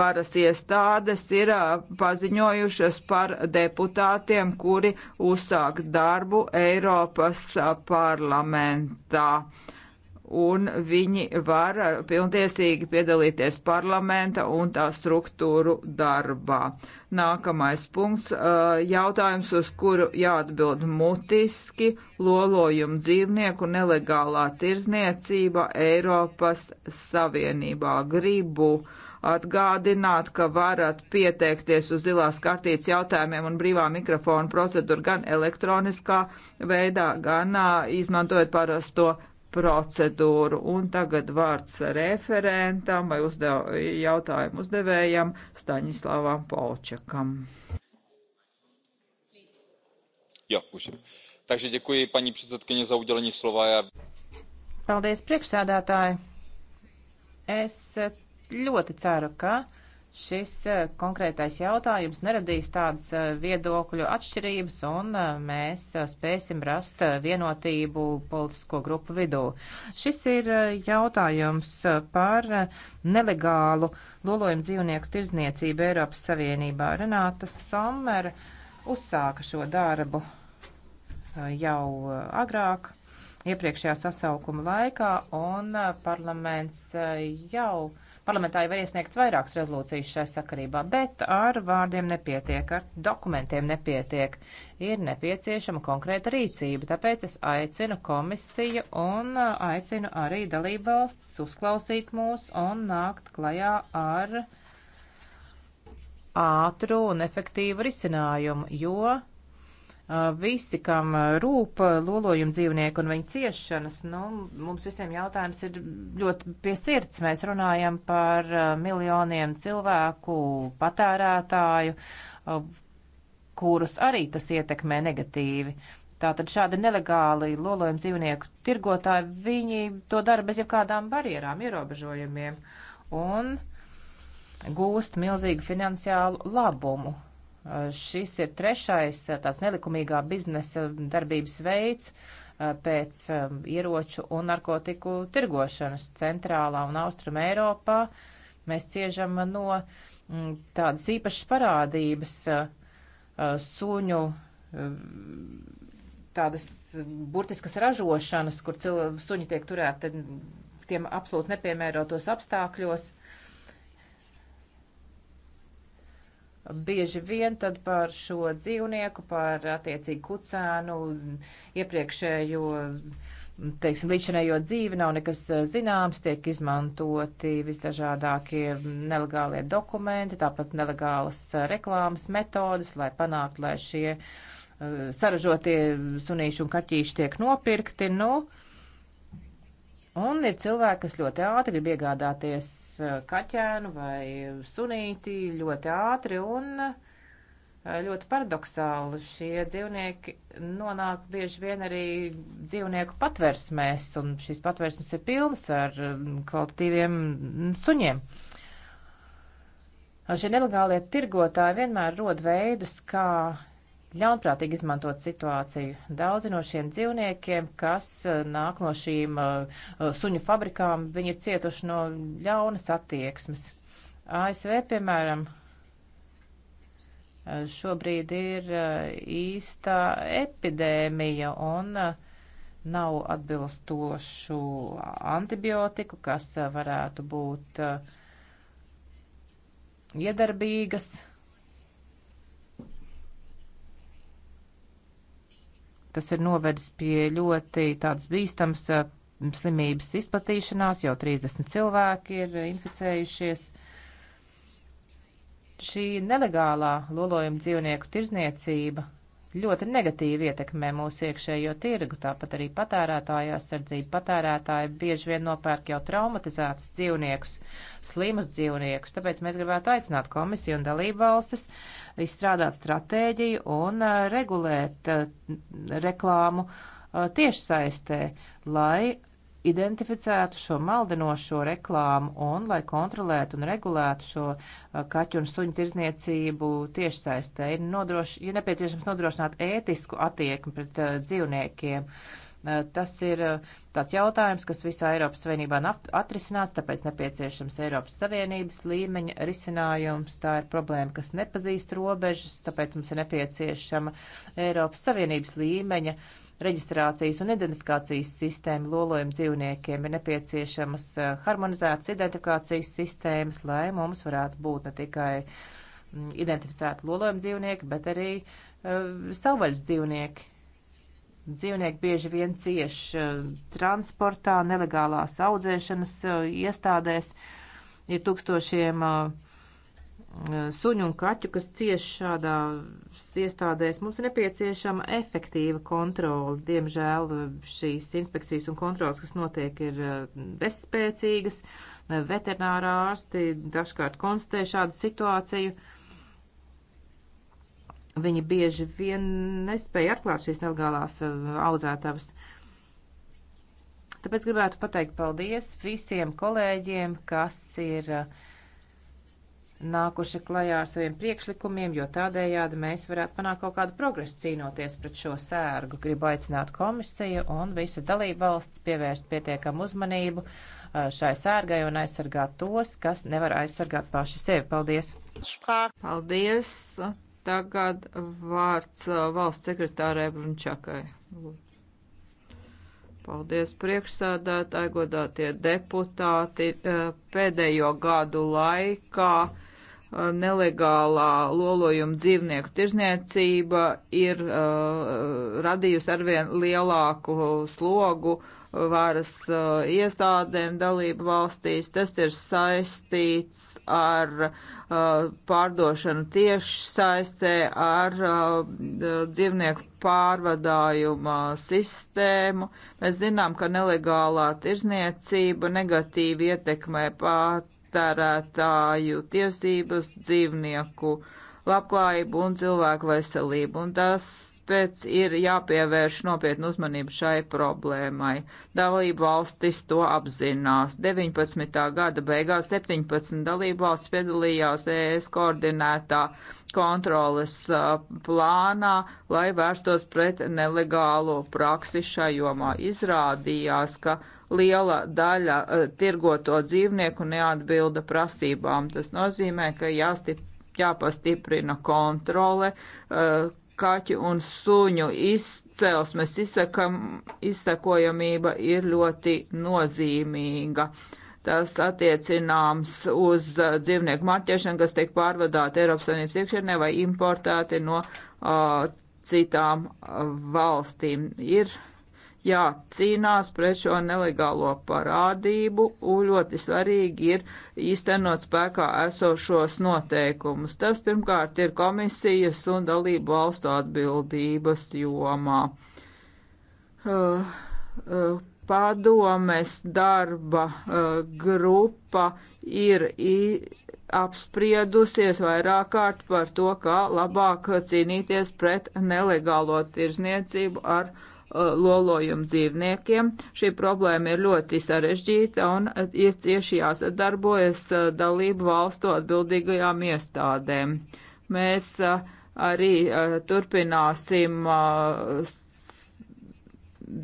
varas iestādes ir paziņojušas par deputātiem, kuri uzsāk darbu Eiropas parlamentā. Un viņi var pilntiesīgi piedalīties parlamenta un tā struktūru darbā. Nākamais punkts - jautājums, uz kuru jāatbild mutiski - lolojumu dzīvnieku nelegālā tirzniecība Eiropas Savienībā. Gribu uh, atgādināt, ka varat pieteikties uz zilās kartītes jautājumiem un brīvā mikrofona procedūru gan elektroniskā veidā, gan izmantojot parasto procedūru. Un tagad vārds referentam vai uzdev, jautājumu uzdevējam Staņislavam Polčakam. Jā, pušiem. Takže děkuji paní předsedkyně za udělení slova. Já... Paldies, priekšsēdētāji. Es ļoti ceru, ka šis eh, konkrētais jautājums neradīs tādas eh, viedokļu atšķirības un eh, mēs spēsim rast vienotību politisko grupu vidū. Šis ir jautājums par nelegālu lolojumu dzīvnieku tirzniecību Eiropas Savienībā. Renāta Sommer uzsāka šo darbu jau agrāk. Iepriekšējā sasaukuma laikā, un parlaments jau uh, parlamentā jau ir iesniegts vairākas rezolūcijas šai sakarībā, bet ar vārdiem nepietiek, ar dokumentiem nepietiek. Ir nepieciešama konkrēta rīcība, tāpēc es aicinu komisiju un aicinu arī dalībvalstis uzklausīt mūs un nākt klajā ar ātru un efektīvu risinājumu, jo Visi, kam rūp lolojuma dzīvnieku un viņu ciešanas, nu, mums visiem jautājums ir ļoti pie sirds. Mēs runājam par miljoniem cilvēku patērētāju, kurus arī tas ietekmē negatīvi. Tātad šādi nelegāli lolojuma dzīvnieku tirgotāji, viņi to dara bez jebkādām barjerām, ierobežojumiem un gūst milzīgu finansiālu labumu. Šis ir trešais tāds nelikumīgā biznesa darbības veids pēc ieroču un narkotiku tirgošanas centrālā un austruma Eiropā. Mēs ciežam no mm, tādas īpašas parādības suņu tādas burtiskas ražošanas, kur suņi tiek turēti tiem absolūti nepiemērotos apstākļos. Uh, bieži vien tad par šo dzīvnieku, par attiecīgu kucēnu, iepriekšējo, teiksim, līdzinējo dzīvi nav nekas eh, zināms, tiek izmantoti visdažādākie nelegālie dokumenti, tāpat nelegālas eh, reklāmas metodas, lai panāktu, lai šie eh, saražotie sunīši un kaķīši tiek nopirkti. Nu, Un ir cilvēki, kas ļoti ātri grib iegādāties eh, kaķēnu vai sunīti ļoti ātri un eh, ļoti paradoxāli. Šie dzīvnieki nonāk bieži vien arī dzīvnieku patversmēs, un šīs patversmes ir pilnas ar mm, kvalitatīviem mm, suņiem. Šie nelegālie tirgotāji vienmēr rod veidus, kā ļaunprātīgi izmantot situāciju. Daudzi no šiem dzīvniekiem, kas eh, nāk no šīm eh, eh, suņu fabrikām, viņi ir cietuši no ļaunas attieksmes. ASV, piemēram, šobrīd ir īsta epidēmija un nav atbilstošu antibiotiku, kas varētu būt iedarbīgas kas ir novedis pie ļoti tādas bīstams slimības izplatīšanās, jau 30 cilvēki ir inficējušies. Šī nelegālā lolojuma dzīvnieku tirzniecība ļoti negatīvi ietekmē mūsu iekšējo tirgu, tāpat arī patērētāju aizsardzību. Patērētāji bieži vien nopērk jau traumatizētus dzīvniekus, slimus dzīvniekus, tāpēc mēs gribētu aicināt komisiju un dalību valstis izstrādāt stratēģiju un regulēt reklāmu tiešsaistē, lai identificētu šo maldinošo reklāmu un lai kontrolētu un regulētu šo uh, kaķu un suņu tirzniecību tiešsaistē. Ir, nodroš, ir nepieciešams nodrošināt ētisku attieksmi pret uh, dzīvniekiem. Uh, Eh, tas ir eh, tāds jautājums, kas visā Eiropas Savienībā nav atrisināts, tāpēc nepieciešams Eiropas Savienības līmeņa risinājums. Tā ir problēma, kas nepazīst robežas, tāpēc mums ir nepieciešama Eiropas Savienības līmeņa reģistrācijas un identifikācijas sistēma lolojumu dzīvniekiem. Ir nepieciešamas eh, harmonizētas identifikācijas sistēmas, lai mums varētu būt ne tikai mm, identificēti lolojumu dzīvnieki, bet arī uh, savvaļas dzīvnieki Dzīvnieki bieži vien cieš eh, transportā, nelegālās audzēšanas eh, iestādēs. Ir tūkstošiem eh, suņu un kaķu, kas cieš šādā iestādēs. Mums ir nepieciešama efektīva kontrola. Diemžēl šīs inspekcijas un kontrolas, kas notiek, ir bezspēcīgas. Veterinārā ārsti dažkārt konstatē šādu situāciju Viņi bieži vien nespēja atklāt šīs nelegālās eh, audzētavas. Tāpēc gribētu pateikt paldies visiem kolēģiem, kas ir eh, nākuši klajā ar saviem priekšlikumiem, jo tādējādi mēs varētu panākt kaut kādu progresu cīnoties pret šo sērgu. Gribu aicināt komisiju un visas dalībvalsts pievērst pietiekam uzmanību eh, šai sērgai un aizsargāt tos, kas nevar aizsargāt paši sevi. Paldies! Paldies! Tagad vārds uh, valsts sekretārē Brunčakai. Paldies priekšsēdētāji, godātie deputāti. Uh, pēdējo gadu laikā uh, nelegālā lolojuma dzīvnieku tirzniecība ir radījusi arvien lielāku slogu varas uh, iestādēm dalību valstīs. Tas ir saistīts ar uh, pārdošanu tieši saistē ar uh, dzīvnieku pārvadājuma sistēmu. Mēs zinām, ka nelegālā tirzniecība negatīvi ietekmē patērētāju tiesības dzīvnieku labklājību un cilvēku veselību, un tas tāpēc ir jāpievērš nopietnu uzmanību šai problēmai. Dalību valstis to apzinās. 19. gada beigās 17 dalību valstis piedalījās ES koordinētā kontroles plānā, lai vērstos pret nelegālo praksi šajā jomā. Izrādījās, ka liela daļa tirgoto dzīvnieku neatbilda prasībām. Tas nozīmē, ka jāstiprina jāpastiprina kontrole, kaķu un suņu izcelsmes izsakam, izsakojamība ir ļoti nozīmīga. Tas attiecināms uz dzīvnieku marķēšanu, kas tiek pārvadāti Eiropas Savienības iekšienē vai importēti no uh, citām uh, valstīm. Ir jācīnās pret šo nelegālo parādību, un ļoti svarīgi ir īstenot spēkā esošos noteikumus. Tas pirmkārt ir komisijas un dalību valstu atbildības jomā. Uh, uh, padomes darba uh, grupa ir apspriedusies vairāk kārt par to, kā labāk cīnīties pret nelegālo tirzniecību ar uh, Uh, lolojumu dzīvniekiem. Šī problēma ir ļoti sarežģīta un uh, ir cieši jāsadarbojas uh, dalību valstu atbildīgajām iestādēm. Mēs arī turpināsim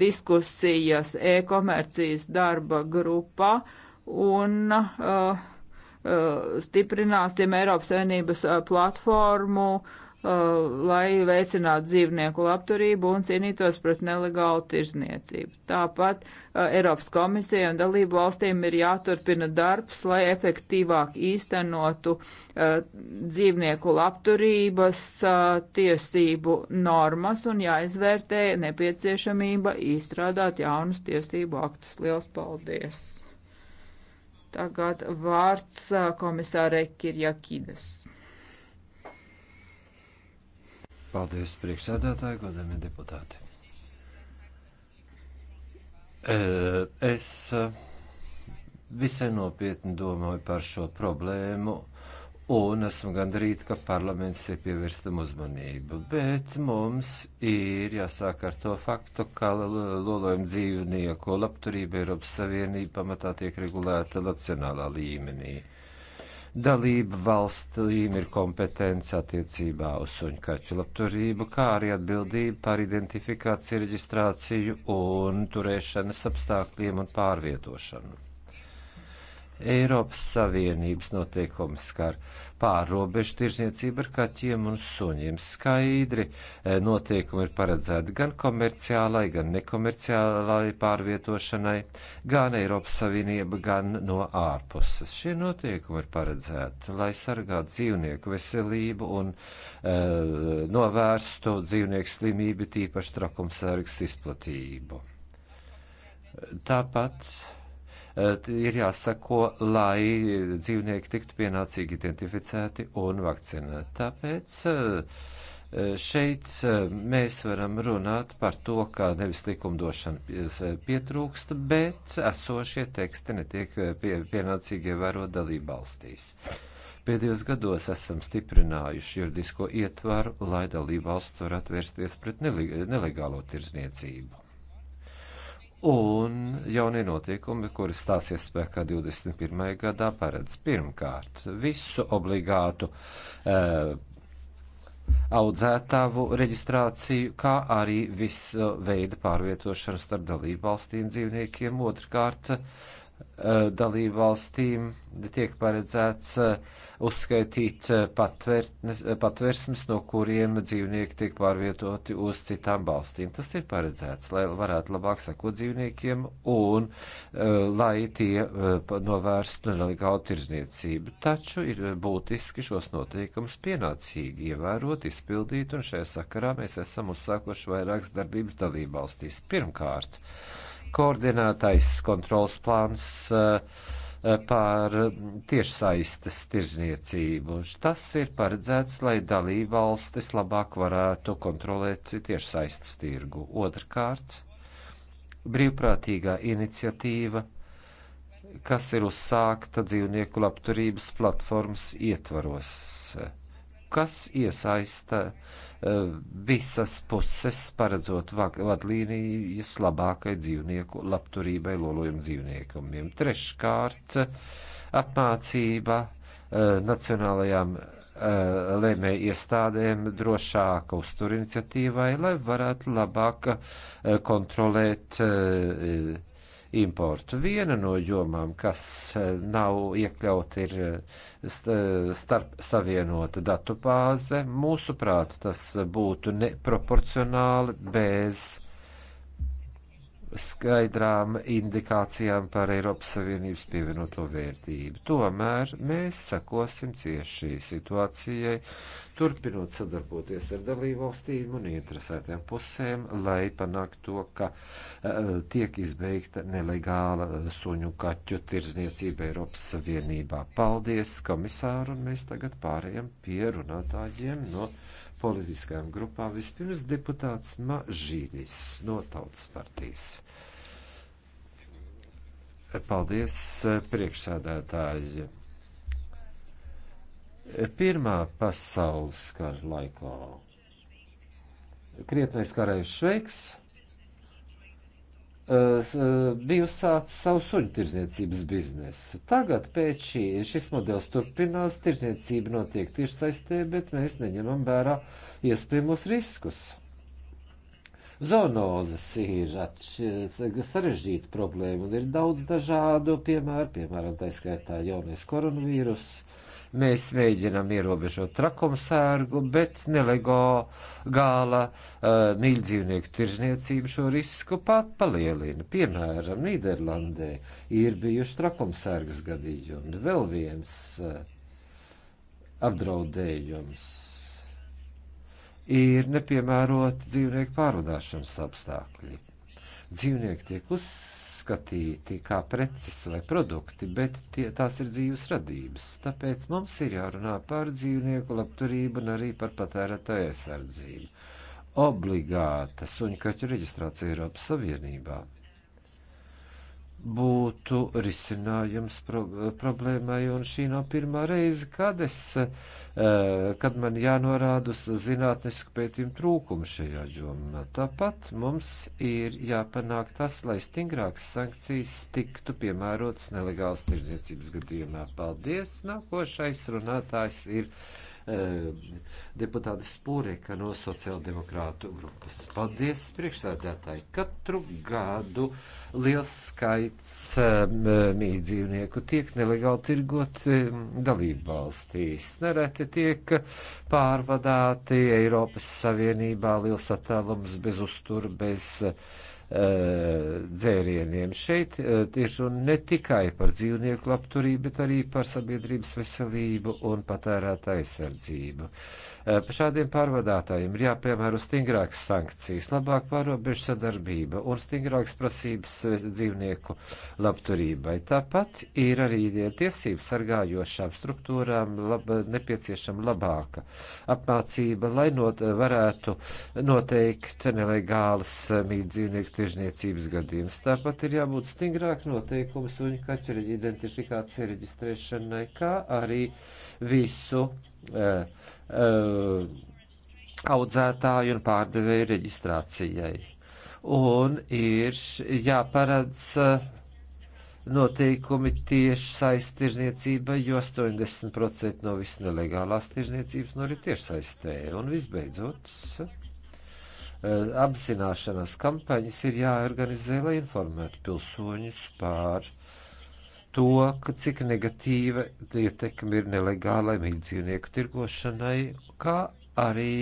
diskusijas e-komercijas darba grupā un uh, stiprināsim Eiropas Savienības platformu uh, Uh, lai veicinātu dzīvnieku labturību un cīnītos pret nelegālu tirzniecību. Tāpat uh, Eiropas komisija un dalību valstīm ir jāturpina darbs, lai efektīvāk īstenotu uh, dzīvnieku labturības tiesību normas un jāizvērtē nepieciešamība izstrādāt jaunus tiesību aktus. Liels paldies! Tagad vārds komisārei Kirjakides. Paldies priekšsēdētāji, godamie deputāti. Es visai nopietni domāju par šo problēmu un esmu gandrīz, ka parlaments ir pievērstam uzmanību. Bet mums ir jāsāk ar to faktu, ka lolojumu dzīvnieku labturība Eiropas Savienība pamatā tiek regulēta nacionālā līmenī dalība valstīm ir kompetence attiecībā uz suņu kaķu labturību, kā arī atbildība par identifikāciju, reģistrāciju un turēšanas apstākļiem un pārvietošanu. Eiropas Savienības noteikumi skar pārrobežu tirzniecību ar kaķiem un suņiem. Skaidri e, noteikumi ir paredzēti gan komerciālai, gan nekomerciālai pārvietošanai, gan Eiropas Savienība, gan no ārpuses. Šie noteikumi ir paredzēti, lai sargātu dzīvnieku veselību un e, novērstu dzīvnieku slimību, tīpaši trakumsērgas izplatību. Tāpat Eh, ir jāsako, lai dzīvnieki tiktu pienācīgi identificēti un vakcinēti. Tāpēc eh, eh, šeit mēs varam runāt par to, ka nevis likumdošana pietrūkst, bet esošie teksti netiek pie, pienācīgi ievērot dalību valstīs. Pēdējos gados esam stiprinājuši juridisko ietvaru, lai dalība valsts varētu vērsties pret nelegālo tirzniecību un jaunie notiekumi, kuri stāsies spēkā 21. gadā, paredz pirmkārt visu obligātu eh, audzētāvu reģistrāciju, kā arī visu veidu pārvietošanu starp dalību valstīm dzīvniekiem, otrkārt Uh, dalību valstīm tiek paredzēts uh, uzskaitīt uh, patvērsmes, no kuriem dzīvnieki tiek pārvietoti uz citām valstīm. Tas ir paredzēts, lai varētu labāk sekot dzīvniekiem un lai tie novērstu nelegālu tirzniecību. Taču ir būtiski šos noteikumus pienācīgi ievērot, izpildīt, un šajā sakarā mēs esam uzsākuši vairākas darbības dalību valstīs. Pirmkārt, koordinētais kontrols plāns eh, eh, pār tiešsaistes tirzniecību. Tas ir paredzēts, lai dalībvalstis labāk varētu kontrolēt tiešsaistes tirgu. Otrkārt, brīvprātīgā iniciatīva, kas ir uzsākta dzīvnieku labturības platformas ietvaros, kas iesaista uh, Eh, visas puses, paredzot vadlīnijas labākai dzīvnieku labturībai, lolojumu dzīvniekumiem. Treškārt, apmācība eh, nacionālajām eh, lēmēju iestādēm drošāka uztur iniciatīvai, lai varētu labāk kontrolēt importu. Viena no jomām, kas eh, nav iekļauta, ir eh, eh, starp savienota datu bāze. Mūsuprāt, tas būtu neproporcionāli bez skaidrām indikācijām par Eiropas Savienības pievienoto vērtību. Tomēr mēs sekosim cieši situācijai, turpinot sadarboties ar dalībvalstīm un interesētām pusēm, lai panāktu to, ka uh, tiek izbeigta nelegāla eh, suņu kaķu tirdzniecība Eiropas Savienībā. Paldies, komisāru, un mēs tagad pārējām pie runātājiem no politiskajām grupām. Vispirms deputāts Mažīnis no Tautas partijas. Paldies, priekšsēdētāji. Pirmā pasaules kara laikā krietnais karējs Šveiks E, bija uzsācis savu suņu tirdzniecības biznesu. Tagad pēc šī, šis modelis turpinās, tirdzniecība notiek tiešsaistē, bet mēs neņemam vērā iespējamos riskus. Zoonozes ir sarežģīta problēma un ir daudz dažādu piemēru, piemēram, tā skaitā jaunais koronavīruss Mēs mēģinam ierobežot trakumsērgu, bet nelegāla uh, mīļdzīvnieku tirzniecība šo risku pat palielina. Piemēram, Nīderlandē ir bijuši trakumsērgas gadījumi. Vēl viens uh, apdraudējums ir nepiemēroti dzīvnieku pārvadāšanas apstākļi. Dzīvnieki tiek uzsākti uzskatīti kā preces vai produkti, bet tie, tās ir dzīves radības. Tāpēc mums ir jārunā par dzīvnieku labturību un arī par patērētāju aizsardzību. Obligāta suņkaķu reģistrācija Eiropas Savienībā būtu risinājums pro, problēmai, un šī nav pirmā reize, kad es, eh, kad man jānorāda uz zinātnisku pētījumu trūkumu šajā jomā. Tāpat mums ir jāpanāk tas, lai stingrākas sankcijas tiktu piemērotas nelegālas tirdzniecības gadījumā. Paldies! Nākošais runātājs ir. Eh, deputāte Spūreka no sociāldemokrātu grupas. Paldies, priekšsēdētāji! Katru gadu liels skaits eh, mīdzīvnieku tiek nelegāli tirgot eh, dalību valstīs. Nereti tiek pārvadāti Eiropas Savienībā liels attālums bez uzturu, bez Eh, dzērieniem. Šeit eh, ir runa ne tikai par dzīvnieku labturību, bet arī par sabiedrības veselību un patērēta aizsardzību. Eh, šādiem pārvadātājiem ir jāpiemēro stingrākas sankcijas, labāk pārobežu sadarbība un stingrākas prasības eh, dzīvnieku labturībai. Tāpat ir arī tiesību sargājošām struktūrām lab, nepieciešama labāka apmācība, lai not, eh, varētu noteikt nelegālas mītdzīvnieku tiežniecības gadījumus. Tāpat ir jābūt stingrāk noteikumu suņu kaķu identifikācijai reģistrēšanai, kā arī visu. Uh, uh, eh, audzētāju un pārdevēju reģistrācijai. Un ir jāparedz uh, noteikumi tieši saistirniecībai, jo 80% no visas nelegālās tirzniecības norit nu tieši saistē. Un visbeidzot, eh, apzināšanās kampaņas ir jāorganizē, lai informētu pilsoņus par uh, to, ka cik negatīva ietekme ir nelegālai mīļdzīvnieku tirgošanai, kā arī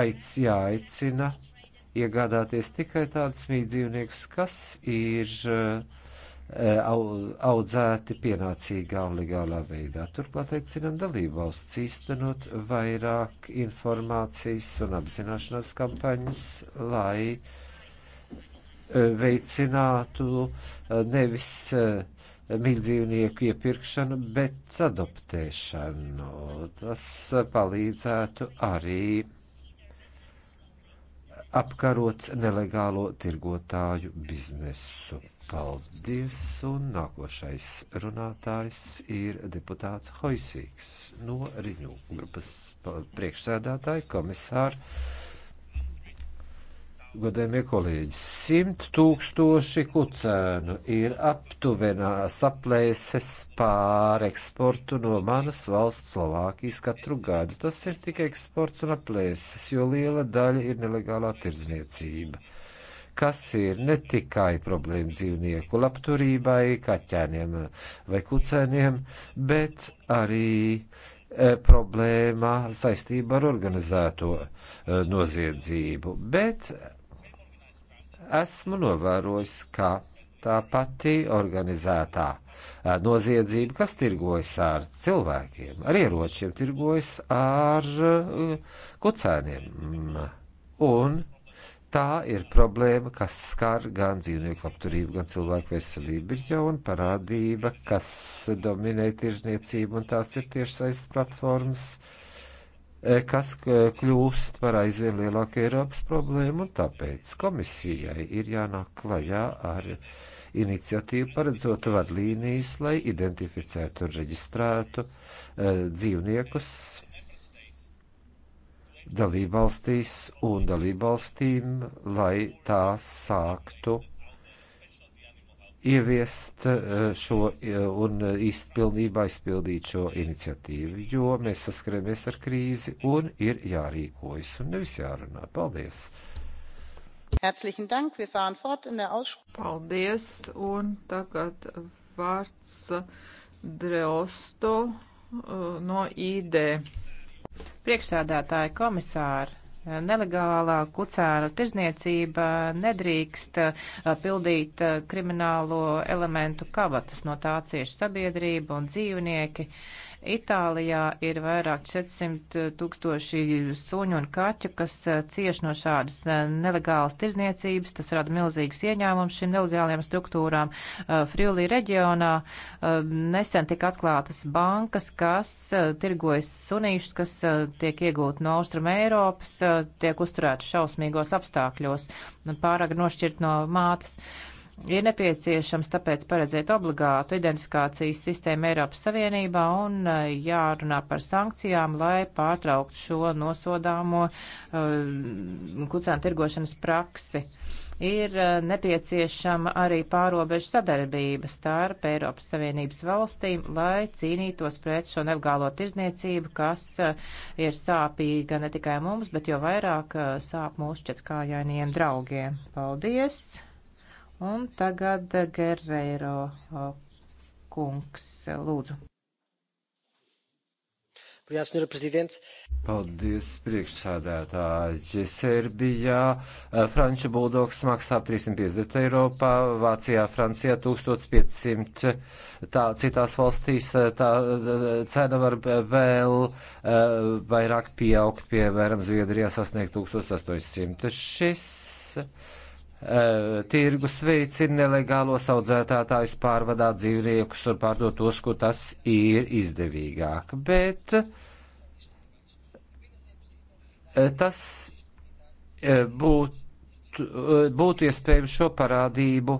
aic, jāaicina iegādāties tikai tādus mīļdzīvniekus, kas ir uh, audzēti pienācīgā un legālā veidā. Turklāt aicinām dalībvalsts īstenot vairāk informācijas un apzināšanās kampaņas, lai E, veicinātu e, nevis e, mīļdzīvnieku iepirkšanu, bet adoptēšanu. Tas palīdzētu arī apkarot nelegālo tirgotāju biznesu. Paldies, un nākošais runātājs ir deputāts Hoisīgs no Riņu grupas priekšsēdētāja komisāra Godējumie kolēģi, simt tūkstoši kucēnu ir aptuvenās aplēses pār eksportu no manas valsts Slovākijas katru gadu. Tas ir tikai eksports un aplēses, jo liela daļa ir nelegālā tirdzniecība, kas ir ne tikai problēma dzīvnieku labturībai, kaķēniem vai kucēniem, bet arī e, problēma saistībā ar organizēto e, noziedzību, bet esmu novērojis, ka tā pati organizētā noziedzība, kas tirgojas ar cilvēkiem, ar ieročiem, tirgojas ar kucēniem. Un tā ir problēma, kas skar gan dzīvnieku labturību, gan cilvēku veselību. Ir jau un parādība, kas dominē tirzniecību, un tās ir tiešsaistes platformas. Uh, E, kas e, kļūst par aizvien lielāku Eiropas problēmu, un tāpēc komisijai ir jānāk klajā ar iniciatīvu paredzot vadlīnijas, lai identificētu un reģistrētu e, dzīvniekus dalībvalstīs un dalībvalstīm, lai tās sāktu ieviest eh, šo eh, un eh, īstpilnībā izpildīt šo iniciatīvu, jo mēs saskaramies ar krīzi un ir jārīkojas un nevis jārunā. Paldies! Paldies, un tagad vārds Dreosto no ID. Priekšsādātāja komisāra Nelegālā kucēnu tirzniecība nedrīkst uh, pildīt uh, kriminālo elementu kavatas, no tā cieši sabiedrība un dzīvnieki. Uh, Itālijā ir vairāk 400 tūkstoši suņu un kaķu, kas eh, cieš no šādas eh, nelegālas tirzniecības. Tas rada milzīgus ieņēmumus šīm nelegālajām struktūrām. Eh, Friulī reģionā nesen tika atklātas bankas, kas tirgojas sunīšus, kas tiek iegūti no Austrum Eiropas, tiek uzturēti šausmīgos apstākļos, nu, pārāk nošķirt no mātes. Uh, Ir nepieciešams tāpēc paredzēt obligātu identifikācijas sistēmu Eiropas Savienībā un eh, jārunā par sankcijām, lai pārtrauktu šo nosodāmo uh, kucēnu tirgošanas praksi. Ir uh, nepieciešama arī pārobežu sadarbība starp Eiropas Savienības valstīm, lai cīnītos pret šo nelegālo tirzniecību, kas uh, ir sāpīga ne tikai mums, bet jo vairāk sāp mūsu četrkājainiem draugiem. Paldies! Un tagad eh, Gerreiro kungs, lūdzu. Paldies, priekšsādētāji. Serbijā eh, franču buldogs maksā 350 eiro, Vācijā, Francijā 1500, tā citās valstīs eh, tā cena var vēl vairāk pieaugt, piemēram, Zviedrijā sasniegt 1800. Šis Eh, tirgus veicina nelegālos audzētātājus pārvadāt dzīvniekus un pārdot tos, kur tas ir izdevīgāk. Bet eh, tas eh, būtu Eh, būtu iespējams šo parādību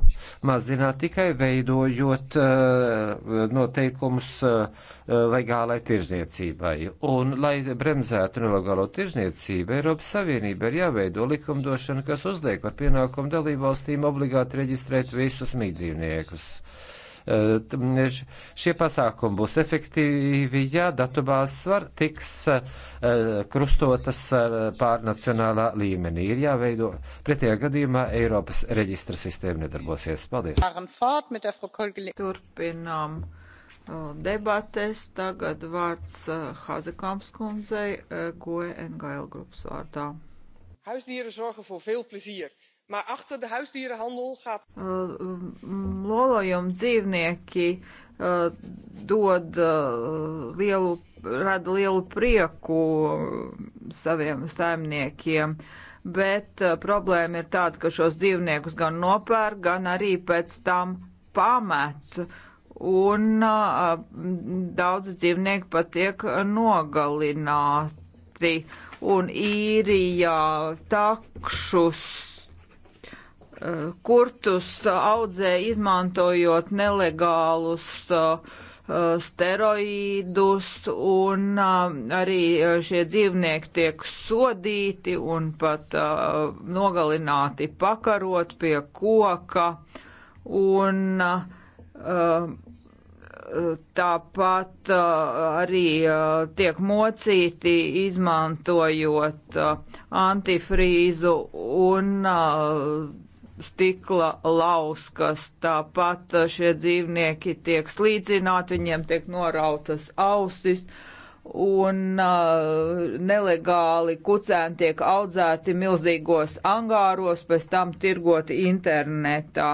mazināt tikai veidojot eh, noteikumus eh, legālai tirzniecībai. Un, lai bremzētu nelegālo tirzniecību, Eiropas Savienība ir jāveido likumdošana, kas uzliek par pienākumu dalībvalstīm obligāti reģistrēt visus mīdzīvniekus. Šie pasākumi būs efektīvi, ja datubāzes var tiks krustotas pārnacionālā līmenī. Ir jāveido pretējā gadījumā Eiropas reģistra sistēma nedarbosies. Paldies! Turpinām debatēs. Tagad vārds Hazekamps kundzei, GOE NGL grupas vārdā. Huisdieren zorgen voor veel plezier. Maar achter de huisdierenhandel gaat. Uh, eh, lolojumu dzīvnieki uh, dod uh, lielu, rada lielu prieku saviem saimniekiem. Bet uh, problēma ir tāda, ka šos dzīvniekus gan nopērk, gan arī pēc tam pamet. Un uh, daudz dzīvnieku pat tiek nogalināti. Un īrijā takšus kurtus audzē izmantojot nelegālus uh, uh, steroīdus, un uh, arī šie dzīvnieki tiek sodīti un pat nogalināti pakarot pie koka. Un, uh, tāpat arī tiek mocīti izmantojot antifrīzu un stikla lauskas. Tāpat šie dzīvnieki tiek slīdzināti, viņiem tiek norautas ausis un uh, nelegāli kucēni tiek audzēti milzīgos angāros, pēc tam tirgoti internetā.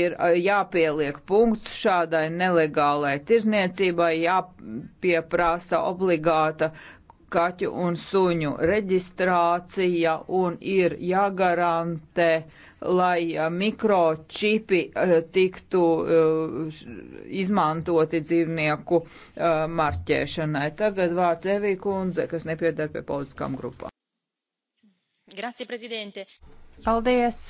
Ir uh, jāpieliek punkts šādai nelegālai tirzniecībai, jāpieprasa obligāta kaķu un suņu reģistrācija un ir jāgarantē uh, lai uh, mikročipi uh, tiktu uh, izmantoti dzīvnieku marķēšanai. Tagad vārds Evī kundze, kas nepiedar pie politiskām grupām. Grazie, prezidente. Paldies.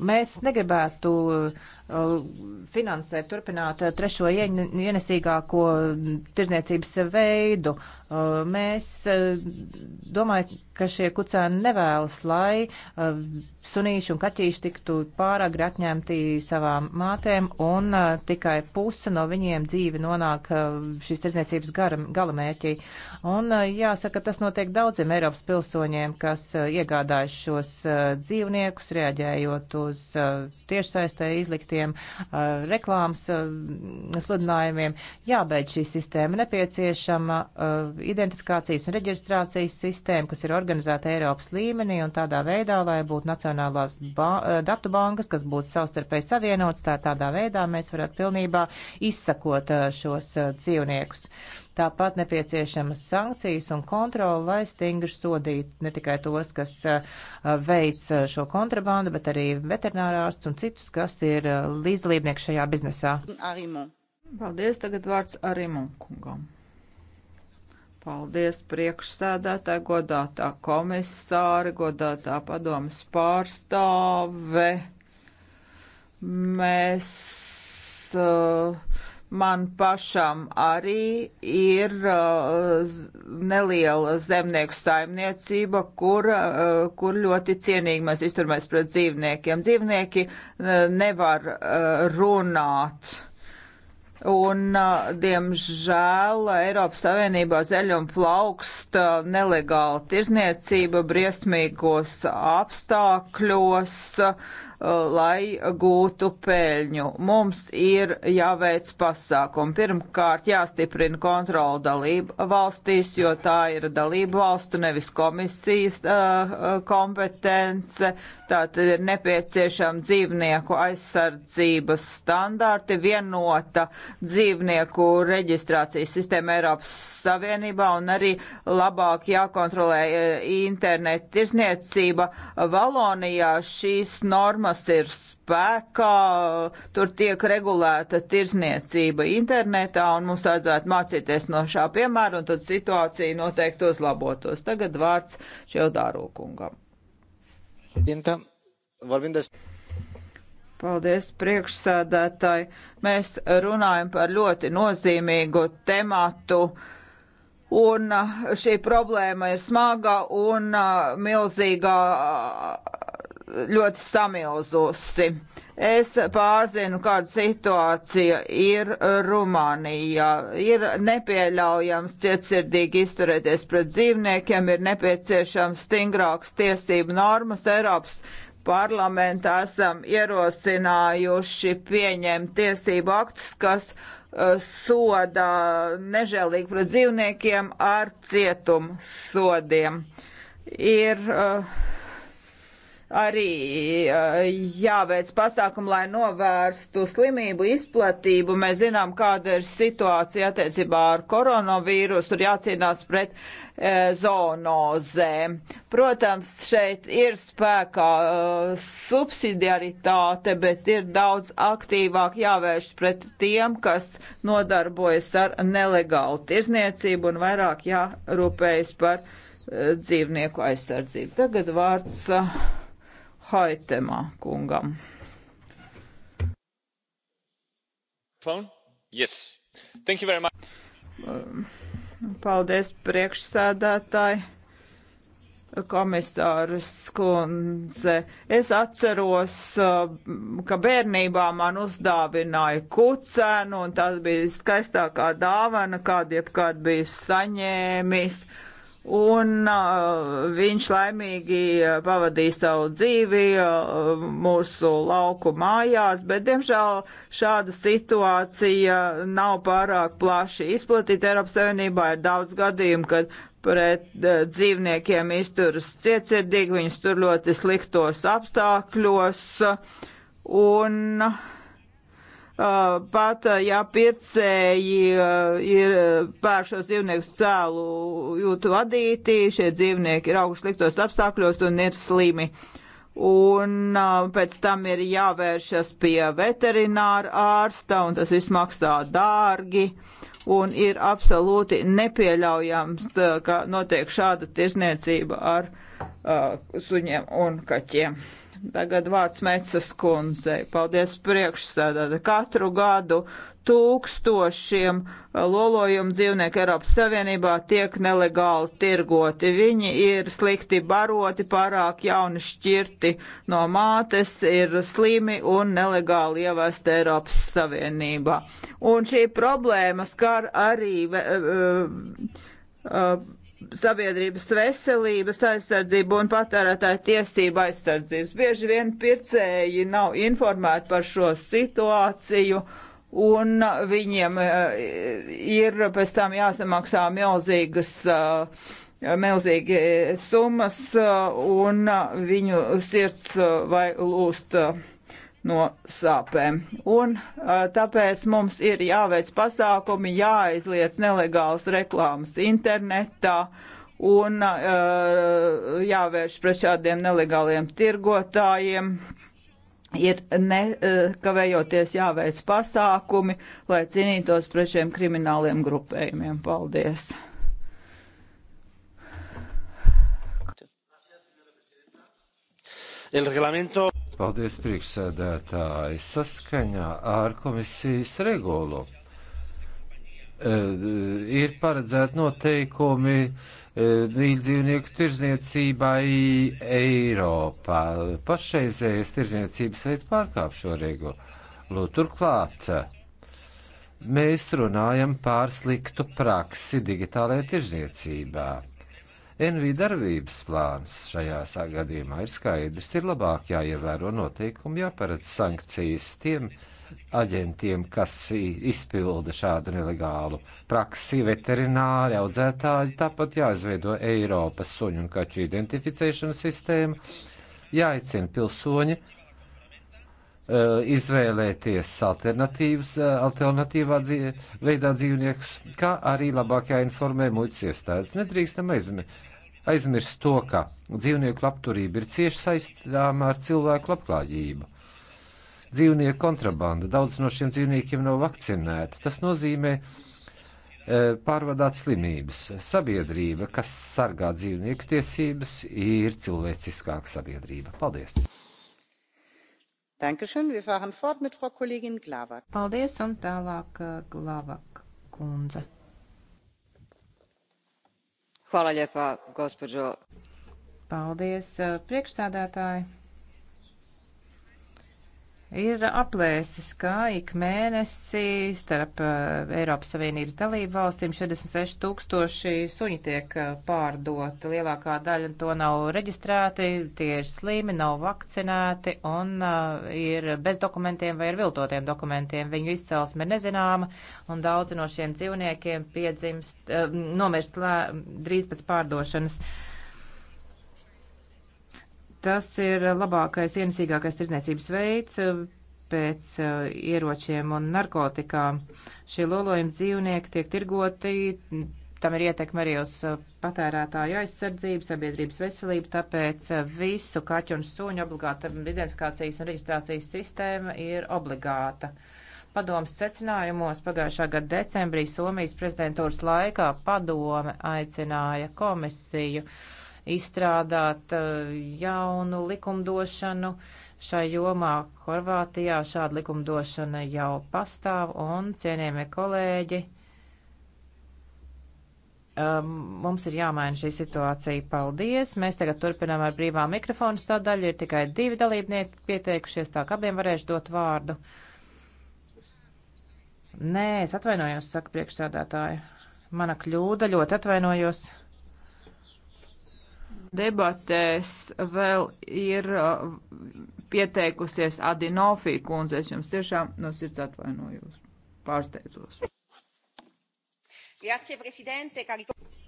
Mēs negribētu uh, Uh, finansēt, turpināt trešo ienesīgāko tirzniecības veidu. Uh, mēs uh, domāju, ka šie kucēni nevēlas, lai sunīši un kaķīši tiktu pārāk atņemti savām mātēm, un tikai puse no viņiem dzīve nonāk šīs tirzniecības galamērķī. Un jāsaka, tas notiek daudziem Eiropas pilsoņiem, kas iegādājas šos dzīvniekus, reaģējot uz tiešsaistē izliktiem šiem eh, reklāmas eh, sludinājumiem. Jābeidz šī sistēma nepieciešama eh, identifikācijas un reģistrācijas sistēma, kas ir organizēta Eiropas līmenī un tādā veidā, lai būtu nacionālās ba datu bankas, kas būtu savstarpēji savienotas, tā tādā veidā mēs varētu pilnībā izsakot šos dzīvniekus. Tāpat nepieciešamas sankcijas un kontrola, lai stingri sodītu ne tikai tos, kas uh, veic uh, šo kontrabandu, bet arī veterinārārsts un citus, kas ir uh, līdzdalībnieki šajā biznesā. Paldies, tagad vārds Arimam kungam. Paldies priekšsēdētāji, godātā komisāri, godātā padomas pārstāve. Mēs uh, Man pašam arī ir uh, neliela zemnieku saimniecība, kur, uh, kur ļoti cienīgi mēs izturmies pret dzīvniekiem. Dzīvnieki uh, nevar uh, runāt. Un, uh, diemžēl, Eiropas Savienībā zeļuma plaukst nelegāla tirzniecība briesmīgos apstākļos. Uh, lai gūtu peļņu. Mums ir jāveic pasākumi. Pirmkārt, jāstiprina kontrola dalību valstīs, jo tā ir dalību valstu, nevis komisijas uh, uh, kompetence. Tātad ir nepieciešama dzīvnieku aizsardzības standarti, vienota dzīvnieku reģistrācijas sistēma Eiropas Savienībā un arī labāk jākontrolē uh, interneta tirsniecība. Valonijā šīs normas normas ir spēkā, tur tiek regulēta tirzniecība internetā, un mums vajadzētu mācīties no šā piemēra, un tad situācija noteikti uzlabotos. Tagad vārds Čeldāro kungam. Paldies, priekšsēdētāji. Mēs runājam par ļoti nozīmīgu tematu. Un šī problēma ir smaga un milzīgā ļoti samilzusi. Es pārzinu, kāda situācija ir Rumānijā. Ir nepieļaujams cietsirdīgi izturēties pret dzīvniekiem, ir nepieciešams stingrāks tiesību normas Eiropas. Parlamentā esam ierosinājuši pieņemt tiesību aktus, kas uh, soda nežēlīgi pret dzīvniekiem ar cietumu sodiem. Ir uh, arī eh, jāveic pasākumu, lai novērstu slimību izplatību. Mēs zinām, kāda ir situācija attiecībā ar koronavīrusu, ir jācīnās pret e, zoonozēm. Protams, šeit ir spēkā e, subsidiaritāte, bet ir daudz aktīvāk jāvērš pret tiem, kas nodarbojas ar nelegālu tirzniecību un vairāk jārūpējas par e, dzīvnieku aizsardzību. Tagad vārds. Uh, Haitemā kungam. Phone? Yes. Thank you very much. Um, paldies priekšsēdētāji komisārs Kunze. Es atceros, um, ka bērnībā man uzdāvināja kucēnu, un tas bija skaistākā dāvana, kādu jebkad biju saņēmis. Uh, un uh, viņš laimīgi uh, pavadīja savu dzīvi uh, mūsu lauku mājās, bet, diemžēl, šāda situācija nav pārāk plaši izplatīta. Eiropas Savienībā ir daudz gadījumu, kad pret uh, dzīvniekiem izturas cietsirdīgi, viņus tur ļoti sliktos apstākļos, un uh, Uh, pat uh, ja pircēji uh, ir pērk šos dzīvniekus cēlu jūtu vadīti, šie dzīvnieki ir auguši sliktos apstākļos un ir slimi. Un pēc tam ir jāvēršas pie veterināra ārsta, un tas viss maksā dārgi. Un ir absolūti nepieļaujams, ka notiek šāda tirzniecība ar uh, Uh, suņiem un kaķiem. Tagad vārds Mecas kundzei. Paldies priekšsēdētā. Katru gadu tūkstošiem lolojumu dzīvnieku Eiropas Savienībā tiek nelegāli tirgoti. Viņi ir slikti baroti, pārāk jauni šķirti no mātes, ir slimi un nelegāli ievest Eiropas Savienībā. Un šī problēma skar arī. Uh, uh, sabiedrības veselības aizsardzību un patērētāju tiesību aizsardzības. Bieži vien pircēji nav informēti par šo situāciju un viņiem e, ir pēc tam jāsamaksā milzīgas, e, milzīgi summas e, un viņu sirds vai lūst no sāpēm. Un tāpēc mums ir jāveic pasākumi, jāizliec nelegālas reklāmas internetā un jāvērš pret šādiem nelegāliem tirgotājiem. Ir nekavējoties jāveic pasākumi, lai cīnītos pret šiem krimināliem grupējumiem. Paldies! El reglamento paldies priekšsēdētāji. Saskaņā ar komisijas regulu e, ir paredzēti noteikumi e, dzīvnieku tirzniecībai Eiropā. Pašreizējais tirzniecības veids pārkāp šo regulu. Turklāt mēs runājam pār sliktu praksi digitālajā tirzniecībā. NV darbības plāns šajā gadījumā ir skaidrs, ir labāk jāievēro noteikumi, jāparedz sankcijas tiem aģentiem, kas izpilda šādu nelegālu praksi, veterināri, audzētāji, tāpat jāizveido Eiropas suņu un kaķu identificēšanas sistēma, jāicina pilsoņi e, izvēlēties alternatīvas, e, alternatīvā dzīve, veidā dzīvniekus, kā arī labāk jāinformē muļķis iestādes. Nedrīkstam aizmirst aizmirst to, ka dzīvnieku labturība ir cieši saistāma ar cilvēku labklājību dzīvnieku kontrabanda. Daudz no šiem dzīvniekiem nav vakcinēti. Tas nozīmē e, pārvadāt slimības. Sabiedrība, kas sargā dzīvnieku tiesības, ir cilvēciskāka sabiedrība. Paldies! Paldies, un tālāk e, Glavak kundze. Hvala lijepa, gospođo. Paldies, eh, priekšsādātāji ir aplēsis, ka ik mēnesī starp eh, Eiropas Savienības dalību valstīm 46 tūkstoši suņi tiek eh, pārdoti. Lielākā daļa to nav reģistrēti, tie ir slimi, nav vakcinēti un uh, ir bez dokumentiem vai ar viltotiem dokumentiem. Viņu izcelsme ir nezināma un daudzi no šiem dzīvniekiem piedzimst, uh, nomirst lē, drīz pēc pārdošanas. Uh, Tas ir labākais, ienesīgākais tirdzniecības veids uh, pēc uh, ieročiem un narkotikām. Šie lolojumi dzīvnieki tiek tirgoti, tam ir ietekme arī uz uh, patērētāju aizsardzību, sabiedrības veselību, tāpēc visu kaķu un suņu obligāta identifikācijas un reģistrācijas sistēma ir obligāta. Padomas secinājumos pagājušā gada decembrī Somijas prezidentūras laikā padome aicināja komisiju uh, izstrādāt eh, jaunu likumdošanu šai jomā. Horvātijā šāda likumdošana jau pastāv un, cienījamie kolēģi, eh, mums ir jāmaina šī situācija. Paldies! Mēs tagad turpinām ar brīvā mikrofonu stādaļu. Ir tikai divi dalībnieki pieteikušies, tā kā abiem varēšu dot vārdu. Nē, es atvainojos, saka priekšsādātāja. Mana kļūda ļoti atvainojos debatēs vēl ir uh, pieteikusies Adinofī kundze. Es jums tiešām no sirds atvainojos. Pārsteidzos. Grazie, prezidente.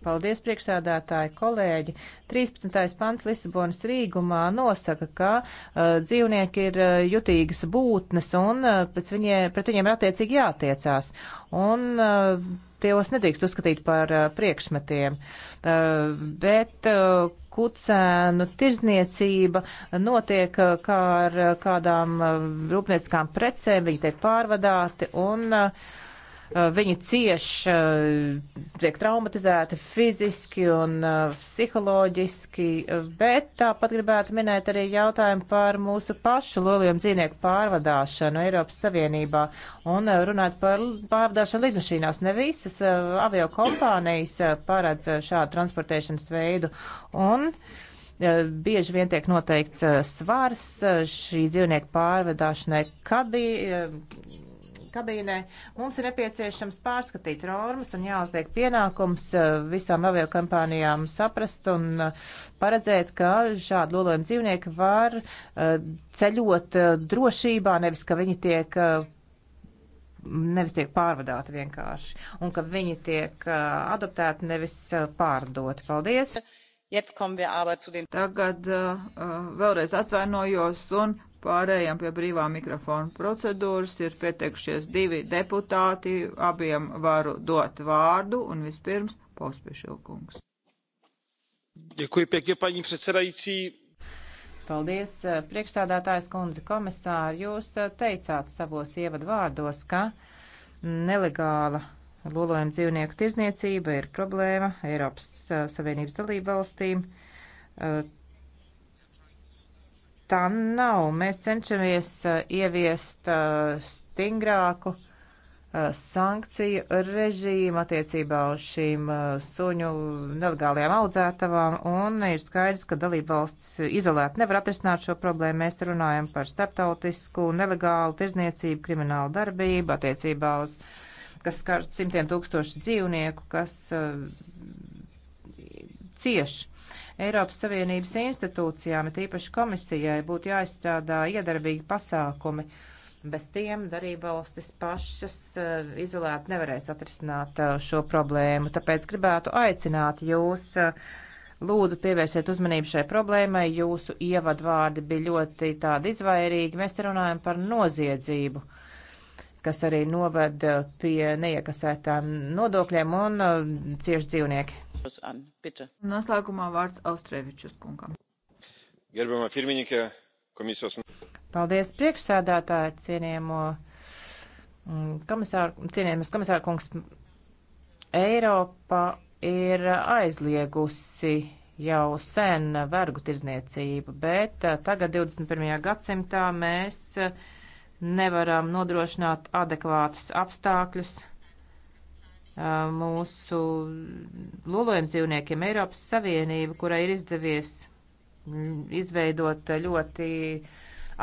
Paldies, priekšsādātāji, kolēģi. 13. pants Lisabonas rīgumā nosaka, ka uh, dzīvnieki ir uh, jutīgas būtnes un uh, viņie, pret viņiem ir attiecīgi jātiecās. Un, uh, tos nedrīkst uzskatīt par eh, priekšmetiem, eh, bet eh, kucēnu tirzniecība notiek kā ar kādām rūpnieciskām precēm, viņi tiek pārvadāti un uh, Eh, viņi cieš, eh, tiek traumatizēti fiziski un eh, psiholoģiski, bet tāpat gribētu minēt arī jautājumu par mūsu pašu loliem dzīvnieku pārvadāšanu Eiropas Savienībā un runāt par pārvadāšanu lidmašīnās. Ne visas avio kompānijas paredz šādu transportēšanas veidu. Un, bieži vien tiek noteikts svars šī dzīvnieku pārvedāšanai kabī, kabīnē, mums ir nepieciešams pārskatīt normas un jāuzliek pienākums eh, visām aviokampānijām saprast un eh, paredzēt, ka šādi lolojumi dzīvnieki var eh, ceļot drošībā, nevis ka viņi tiek nevis tiek pārvadāti vienkārši, un ka viņi tiek adoptēti, nevis pārdoti. Paldies! Tagad uh, vēlreiz atvainojos un Pārējām pie brīvā mikrofona procedūras ir pieteikušies divi deputāti, abiem varu dot vārdu un vispirms Pospiešilkungs. Děkuji pěkně, paní předsedající. Paldies, eh, priekšstādātājs kundze komisāri. Jūs eh, teicāt savos ievadvārdos, ka nelegāla lolojuma dzīvnieku tirzniecība ir problēma Eiropas eh, Savienības dalību valstīm tā nav. Mēs cenšamies uh, ieviest uh, stingrāku uh, sankciju režīmu attiecībā uz šīm suņu nelegālajām audzētavām, un ir skaidrs, ka dalība valsts izolēti nevar atrisināt šo problēmu. Mēs runājam par starptautisku nelegālu tirzniecību, kriminālu darbību attiecībā uz kas skar simtiem tūkstošu dzīvnieku, kas cieši. Eiropas Savienības institūcijām, it īpaši komisijai, būtu jāizstrādā iedarbīgi pasākumi. Bez tiem darībvalstis pašas uh, izolēti nevarēs atrisināt uh, šo problēmu. Tāpēc gribētu aicināt jūs, uh, lūdzu, pievērsiet uzmanību šai problēmai. Jūsu ievadvārdi bija ļoti tādi izvairīgi. Mēs te runājam par noziedzību. Uh, kas arī novada eh, pie neiekasētām nodokļiem un eh, cieši dzīvnieki. Noslēgumā vārds Austrēvičus kungam. Gerbamā pirmininkē, komisijos. Paldies priekšsādātāji, cienījamo mm, komisāru, cienījamas komisāru kungs. Eiropa ir aizliegusi jau sen vergu tirzniecību, bet eh, tagad 21. gadsimtā mēs uh, nevaram nodrošināt adekvātus apstākļus mūsu lolojiem dzīvniekiem Eiropas Savienība, kurai ir izdevies izveidot ļoti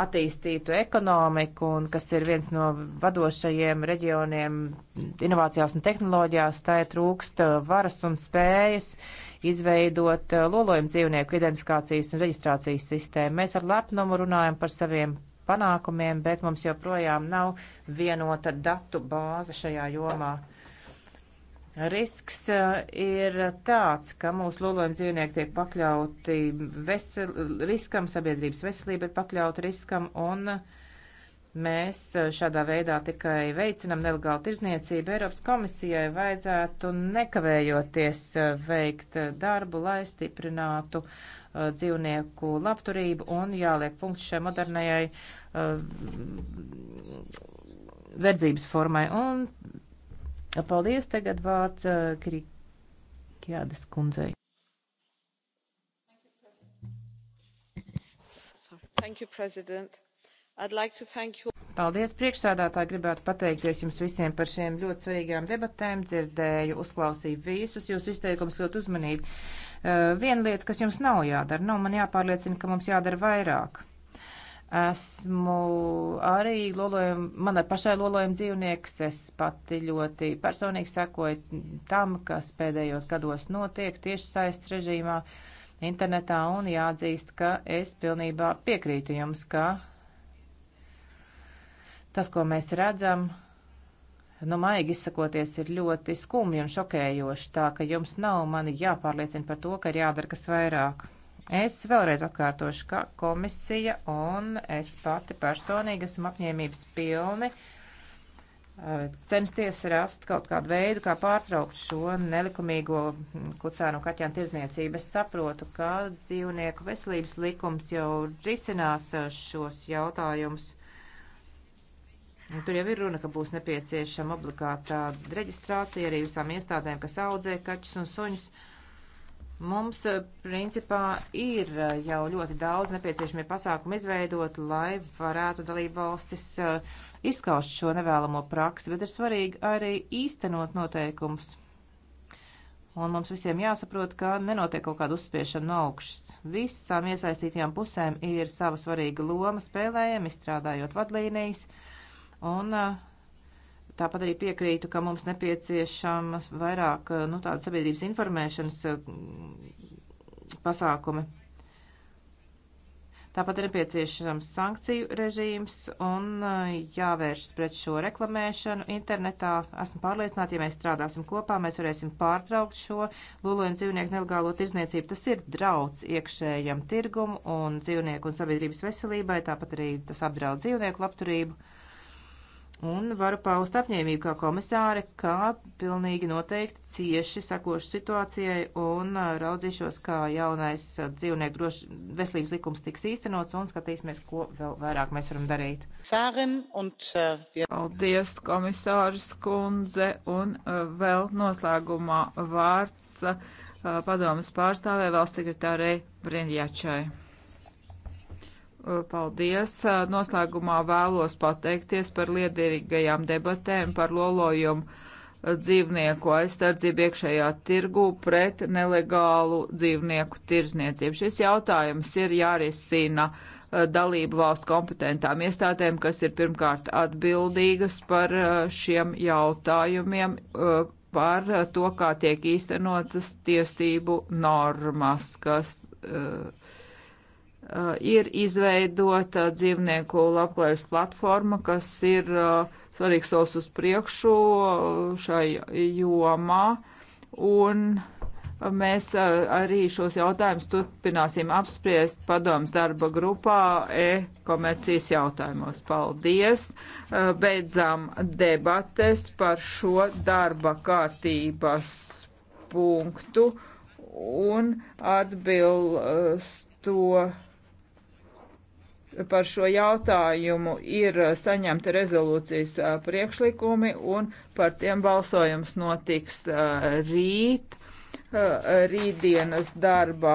attīstītu ekonomiku un kas ir viens no vadošajiem reģioniem inovācijās un tehnoloģijās, tā ir trūkst varas un spējas izveidot lolojumu dzīvnieku identifikācijas un reģistrācijas sistēmu. Mēs ar lepnumu runājam par saviem panākumiem, bet mums joprojām nav vienota datu bāze šajā jomā. Risks eh, ir tāds, ka mūsu lolojuma dzīvnieki tiek pakļauti vesel, riskam, sabiedrības veselība ir pakļauta riskam, un mēs eh, šādā veidā tikai veicinam nelegālu tirzniecību. Eiropas komisijai vajadzētu nekavējoties eh, veikt darbu, lai stiprinātu dzīvnieku labturību un jāliek punkts šai modernajai Uh, verdzības formai. Un paldies tagad vārds uh, Kirikjādas kundzei. Thank you, President. I'd like to thank you. Paldies, priekšsādātāji, gribētu pateikties jums visiem par šiem ļoti svarīgām debatēm, dzirdēju, uzklausīju visus, jūs izteikums ļoti uzmanīgi. Uh, viena lieta, kas jums nav jādara, nav man jāpārliecina, ka mums jādara vairāk. Esmu arī lolojuma, man ar pašai lolojuma dzīvnieks, es pati ļoti personīgi sekoju tam, kas pēdējos gados notiek tieši saist režīmā internetā un jāatzīst, ka es pilnībā piekrītu jums, ka tas, ko mēs redzam, nu maigi izsakoties, ir ļoti skumji un šokējoši, tā ka jums nav mani jāpārliecina par to, ka ir jādara kas vairāk. Es vēlreiz atkārtošu, ka komisija un es pati personīgi esam apņēmības pilni eh, censties rast kaut kādu veidu, kā pārtraukt šo nelikumīgo kucēnu kaķēnu tirzniecību. Es saprotu, ka dzīvnieku veselības likums jau risinās eh, šos jautājumus. Tur jau ir runa, ka būs nepieciešama obligātā reģistrācija arī visām iestādēm, kas audzē kaķus un suņus. Uh, Mums, eh, principā, ir eh, jau ļoti daudz nepieciešamie pasākumi izveidot, lai varētu dalību valstis eh, izskaust šo nevēlamo praksi, bet ir svarīgi arī īstenot noteikumus. Un mums visiem jāsaprot, ka nenotiek kaut kāda uzspiešana no augšas. Visām iesaistītajām pusēm ir sava svarīga loma spēlējiem, izstrādājot vadlīnijas un uh, Tāpat arī piekrītu, ka mums nepieciešams vairāk eh, nu, tāda sabiedrības informēšanas eh, pasākumi. Tāpat ir nepieciešams sankciju režīms un eh, jāvēršas pret šo reklamēšanu internetā. Esmu pārliecināta, ja mēs strādāsim kopā, mēs varēsim pārtraukt šo lūloņu dzīvnieku nelegālo tirzniecību. Tas ir drauds iekšējam tirgumu un dzīvnieku un sabiedrības veselībai, tāpat arī tas apdraud dzīvnieku labturību. Un varu paust apņēmību kā komisāre, kā pilnīgi noteikti cieši sakošu situācijai un uh, raudzīšos, kā jaunais uh, dzīvnieku droši veselības likums tiks īstenots un skatīsimies, ko vēl vairāk mēs varam darīt. Uh, Paldies, komisārs kundze, un vēl noslēgumā vārds padomas pārstāvē valsts sekretārei Brinjačai. Paldies! Noslēgumā vēlos pateikties par liederīgajām debatēm par lolojumu dzīvnieku aizstardzību iekšējā tirgu pret nelegālu dzīvnieku tirzniecību. Šis jautājums ir jārisina eh, dalību valstu kompetentām iestādēm, kas ir pirmkārt atbildīgas par eh, šiem jautājumiem, eh, par to, kā tiek īstenotas tiesību normas, kas Eh, ir izveidota dzīvnieku labklājības platforma, kas ir eh, svarīgs solis uz priekšu eh, šai jomā. Un mēs arī šos jautājumus turpināsim apspriest padomas darba grupā e-komercijas jautājumos. Paldies! Beidzam debates par šo darba kārtības punktu un atbilst to par šo jautājumu ir saņemta rezolūcijas priekšlikumi un par tiem balsojums notiks rīt. Rītdienas darba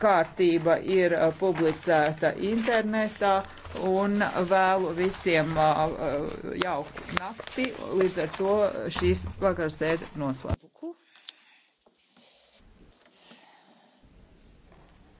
kārtība ir publicēta internetā un vēlu visiem jauku nakti. Līdz ar to šīs vakars sēde noslēdz.